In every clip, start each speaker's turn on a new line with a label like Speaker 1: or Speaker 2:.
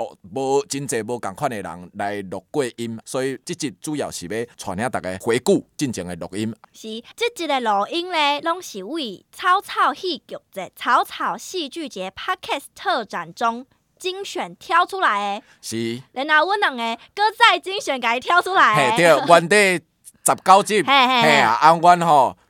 Speaker 1: 哦，無真濟無同款嘅人來錄過音，所以即集主要是要帶恁大家回顧之前嘅錄音。
Speaker 2: 是，即集嘅錄音咧，攏是為草草戲劇節草草戲劇節 Podcast 特展中精選挑出來嘅。是，然後我兩個再精選佮伊挑出來。嘿，對，原
Speaker 1: 地十九集，嘿 啊，安穩吼。嗯嗯嗯嗯。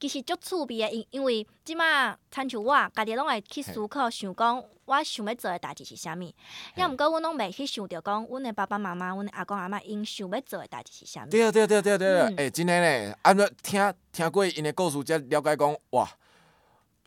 Speaker 2: 其實足趣味的，因因為即馬親像我，家己攏會去思考，想講我想要做嘅代志是啥物。猶毋過阮攏袂去想着講，阮的爸爸媽媽、阮的阿公阿嬤因想要做嘅代志是啥物。對對對對對，哎、嗯欸，
Speaker 1: 真㗑呢，安、啊、尼聽聽過因嘅故事，才了解講哇。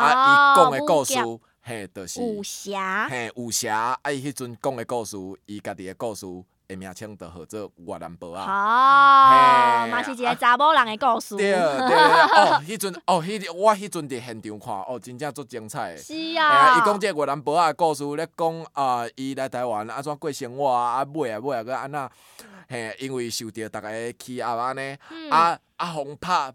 Speaker 1: 啊！伊講嘅故事，嘿、喔，著是，嘿，武、就、俠、是啊喔，啊，伊迄陣講嘅故事，伊家己嘅故事，誒，名稱著叫做越南伯啊。哦，嘛是
Speaker 2: 一個查某人嘅故事。對對對，
Speaker 1: 對，哦、喔，迄陣，哦、喔，迄，我迄陣佇現場看，哦、喔，真正足精彩。是啊。嘿，伊講即個越南伯啊，的故事咧講啊，伊來台灣啊，怎過生活啊，買啊買啊，佮安那，嘿，因為受到大家欺壓安尼，啊啊，互拍。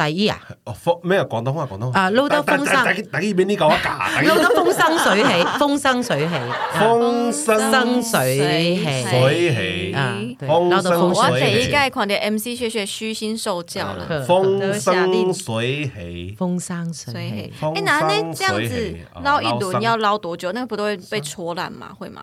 Speaker 3: 第一啊！哦，風咩啊？廣東啊，廣東啊！撈、啊、得風生，等啲俾呢個，撈得
Speaker 4: 風生水起，
Speaker 3: 風生水起，風
Speaker 4: 生水起、啊，水起。我第一屆講啲 M C JJ 虛心受教啦。風生水起，風生水起。哎、啊，嗱，你、啊啊就是欸、這，這樣子撈一輪，你要撈多久？啊、撈那個不都會被戳爛嗎？會嗎？